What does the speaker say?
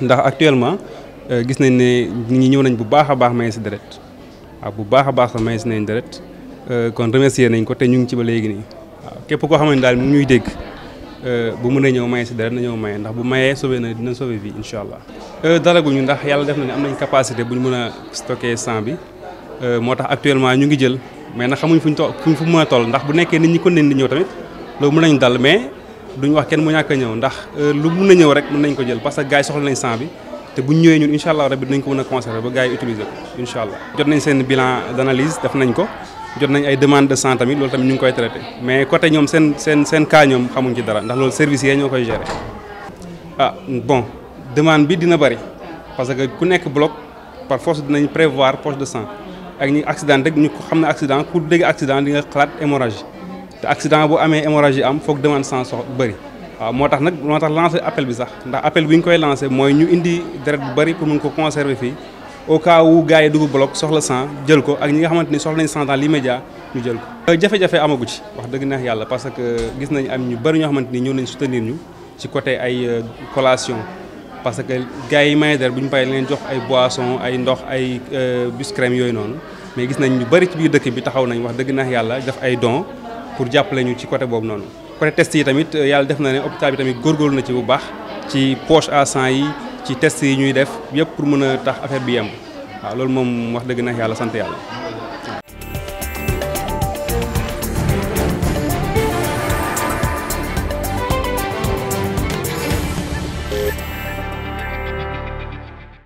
ndax actuellement euh, gis nañ ni nit ñëw nañ bu baax a baax maye si deret waaw bu baax a baax sax maye si nañ deret euh, kon remercier nañ ko te ñu ngi ci ba léegi nii waaw képp koo xam ne daal mu ñuy dégg euh, bu mënee ñëw maye si deret na ñëw maye ndax bu mayee sauvé na dina sauvé vie incha allah. dara guñu ndax yàlla def na ne am nañ capacité bu ñu mën a stocké sang bi moo tax actuellement ñu ngi jël mais nag xamuñ fu to fuñ fu mën a toll ndax bu nekkee nit ñi ko nen di ñëw tamit loolu mën mais. duñ wax kenn mu ñàkk a ñëw ndax euh, lu mun a ñëw rek mën nañ ko jël parce que gars yi soxla nañ sang bi te bu ñëwee ñun incha allah rabi dinañ ko mën a conserver ba gars yi utiliser ko incha allah. jot nañ seen bilan d' analyse def nañ ko jot nañ ay demande de sang tamit loolu tamit ñu ngi koy traité mais côté ñoom seen seen seen cas ñoom xamuñ ci dara ndax loolu service yi ñoo koy gérer ah bon demande bi dina bari parce que ku nekk bloc par force dinañ prévoir poche de sang ak ñi accident rek ñu xam ne accident ku dégg accident di nga xalaat hémorragie accident bu amé hémorragie am foog demande sans sox bëri waaw motax tax nag moo appel bi sax ndax appel bi ñu koy lancer moy ñu indi deret bu bëri pour mun ko conserver fi au cas où gaay yi dugg bloc soxla sang jël ko ak ñi nga xamanteni ni soxla nañ sang dans l'immédiat ñu jël ko. jafé euh, jafé amagu ci wax dëgg neex yàlla parce que gis nañ am ñu bëri ñoo xamanteni ñoo nañ soutenir ñu ci côté ay euh, collation parce que gaay yi may deret bu ñu leen jox ay boisson ay ndox ay euh, biscrème yoy non mais gis nañ ñu bëri ci biir dëkk bi taxaw nañ wax dëgg neex yàlla def ay dons. pour jàppale ñu ci côté boobu noonu. côté test yi tamit euh, yàlla def na ne hôpital bi tamit góorgóorlu na ci bu baax ci poche à sang yi ci test yi ñuy def yëpp pour mën a tax affaire bi yemb waaw loolu moom wax dëgg na yàlla sant yàlla.